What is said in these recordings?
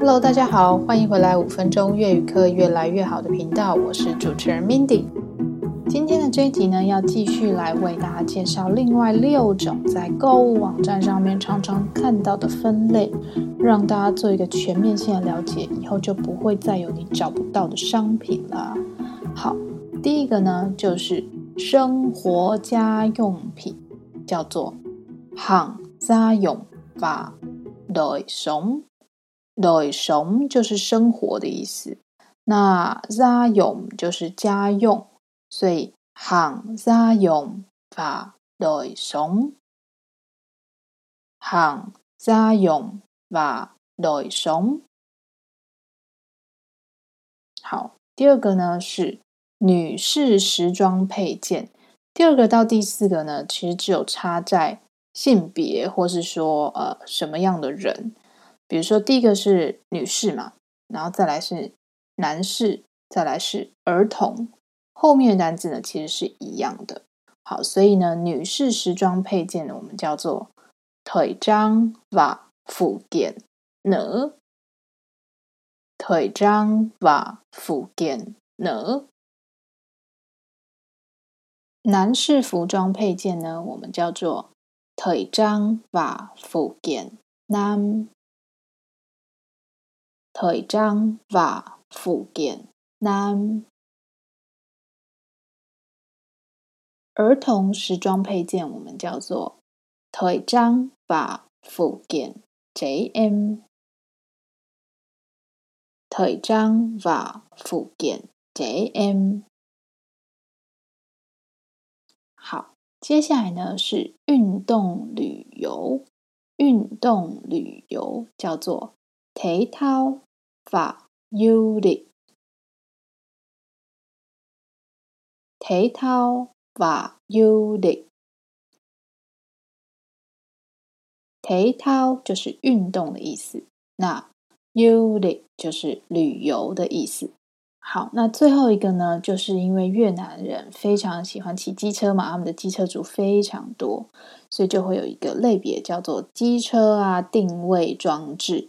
Hello，大家好，歡迎回來《五分鐘越語課》越來越好的頻道，我是主持人 Mindy。今天的這一集呢，要繼續來為大家介紹另外六種在購物網站上面常常看到的分類，讓大家做一個全面性的了解，以後就不會再有你找不到的商品了。好，第一個呢，就是生活家用品，叫做 Hàng gia dụng và đời sống。就是生活的意思，那家用就是家用，所以行家用法日常生活。好，第二個呢是女士時裝配件。第二個到第四個呢，其實只有差在性別，或是說呃什麼樣的人。比如說，第一個是女士嘛，然後再來是男士，再來是兒童。後面的單字呢，其實是一樣的。好，所以呢，女士時裝配件呢，我們叫做腿章瓦附件呢。腿章瓦附件呢。男士服裝配件呢，我們叫做腿章瓦附件男。腿章襪附件男。兒童時裝配件，我們叫做腿章襪附件，J.M. 腿章襪附件，J.M. 好，接下來呢是運動旅遊，運動旅遊叫做腿套，法悠迪，體操和悠迪，體操就是運動的意思。那悠迪就是旅遊的意思。好，那最後一個呢，就是因為越南人非常喜歡騎機車嘛，他們的機車族非常多，所以就會有一個類別叫做機車啊定位裝置。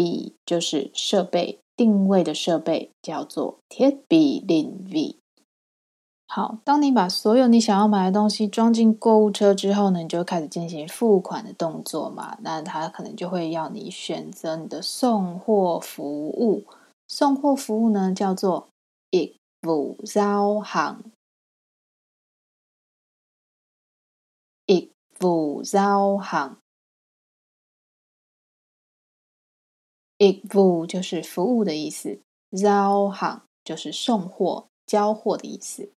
B 就是設備定位的設備，叫做貼筆定位。好，當你把所有你想要買的東西裝進購物車之後呢，你就開始進行付款的動作嘛。那它可能就會要你選擇你的送貨服務。送貨服務呢，叫做一步招行，一步招行。dịch vụ 就是服務的意思，giao hàng 就是送貨交貨的意思。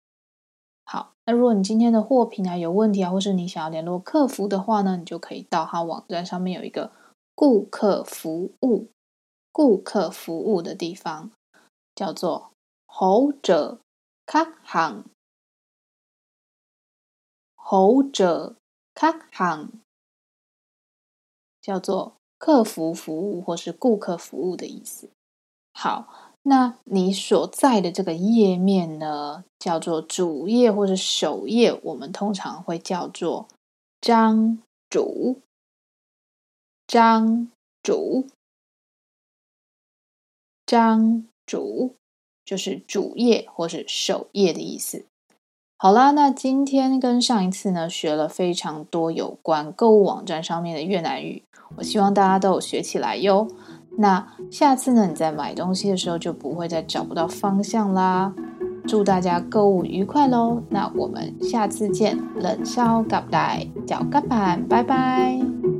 好，那如果你今天的貨品啊有問題啊，或是你想要聯絡客服的話呢，你就可以到他網站上面有一個顧客服務、顧客服務的地方，叫做 hỗ trợ khách hàng。hỗ trợ khách hàng 叫做。客服服務或是顧客服務的意思。好，那你所在的這個頁面呢，叫做主頁或者首頁，我們通常會叫做“張主張主張主”，就是主頁或是首頁的意思。好啦，那今天跟上一次呢，學了非常多有關購物網站上面的越南語，我希望大家都有學起來喲。那下次呢，你在買東西的時候就不會再找不到方向啦。祝大家購物愉快嘍！那我們下次見，冷笑，咖不帶腳咖，拜拜。